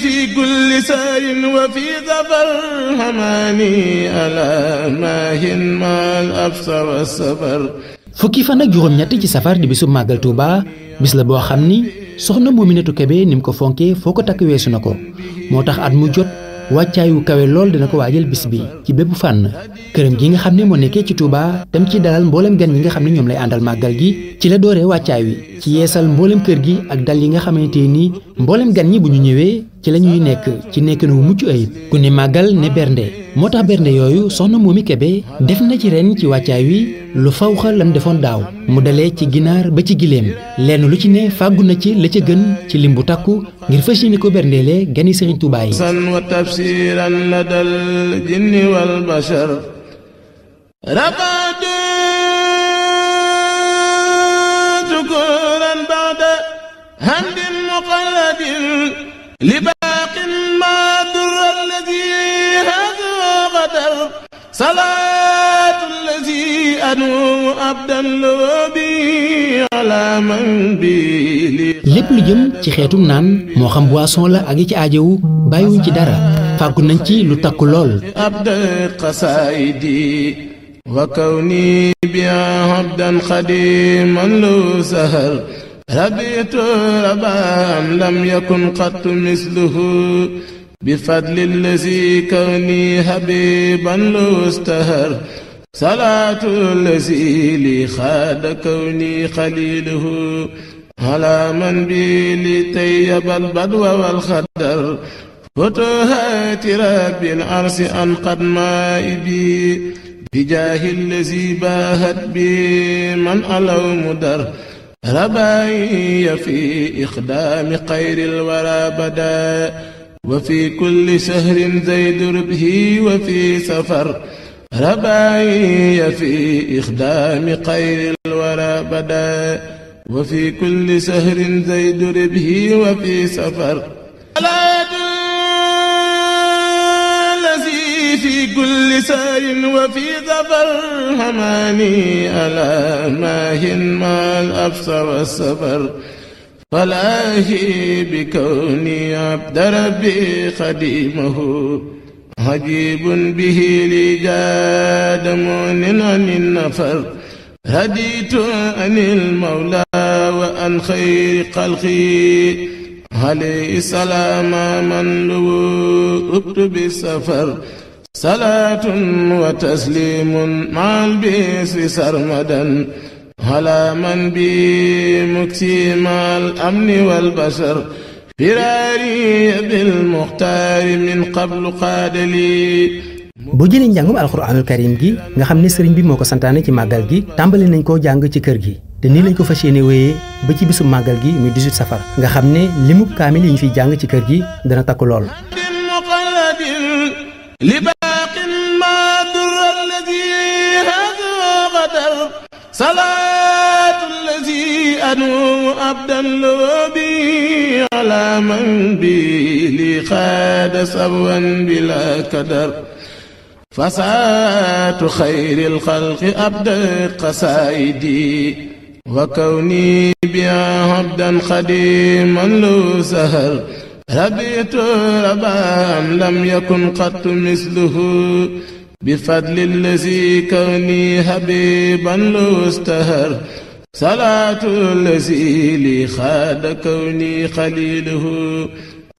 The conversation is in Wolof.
fukki fan ak juróom-ñett ci safar di bisub màggal Touba bis la boo xam ni soxna Mouminatou Kébé ni mu ko fonkee foo ko takk weesu na ko moo tax at mu jot wàccaayu kawe lool dina ko waajal bis bi ci bépp fànn këram gi nga xam ne moo nekkee ci Touba tam ci dalal mboolem gan yi nga xam ne ñoom lay àndal màggal gi ci la dooree wàccaay wi ci yeesal mboolem kër gi ak dal yi nga xamante nii mboolem gan ñi bu ñu ñëwee ci la ñuy nekk ci nekkin wu mucc ayib ku ne màggal ne bernde moo tax bernde yooyu soxna Momy Kébé def na ci ren ci wàccaay wi lu faw xal lam defoon daaw mu dalee ci ginaar ba ci giléem lenn lu ci ne fàggu na ci la ca gën ci lim bu takku ngir fas yéene ko berndeele gani Sëriñ Tuubaa yi wa tafsiran la dal jinni bashar لباق ما در الذي هذا غدر صلاة الذي أنو أبدا لبي على من بي lépp lu jëm ci xeetum naan moo xam boisson la ak yi ci aajowu bàyyiwuñ ci dara fàggu nañ ci lu takk lool abdat qasaidi wa kawni bi abdan xadiman lu sahar ربيت ربا لم يكن قط مثله بفضل الذي كوني حبيبا لو استهر صلاة الذي لي خاد كوني خليله على من بي لطيب البدو والخدر فتوهات رب العرس أن قد مائبي بجاه الذي باهت بي من ألو مدر رباعي في إخدام خير الورى بدا وفي كل شهر زيد ربه وفي سفر رباعي في إخدام خير الورى بدا وفي كل شهر زيد ربه وفي سفر سار وفي ظفر حماني ألا ماهن ما الأفس والسفر فلاهي بكوني عبد ربي خديمه عجيب به لي جاد مؤن عن النفر هديت عن المولى وعن خير خلقي عليه السلام من لو بالسفر صلاة وتسليم مع البيس سرمدا على من بي مكسي مع الأمن والبشر فراري بالمختار من قبل قاد لي bu jëlee njàngum alxuraanul karim gi nga xam ne sëriñ bi moo ko santaane ci màggal gi tàmbali nañ koo jàng ci kër gi te nii lañ ko fas yéene wéyee ba ci bisu màggal gi muy 18 safar nga xam ne limu kaamil yi ñu fiy jàng ci kër gi dana takk lool أبدا لربي على من بي لي خاد سرا بلا كدر فساة خير الخلق أبدت قصائدي وكوني بها عبدا خديما لو سهر ربيت ربا لم يكن قط مثله بفضل الذي كوني حبيبا لو استهر salaatul lazi li xaada kawni xaliluhu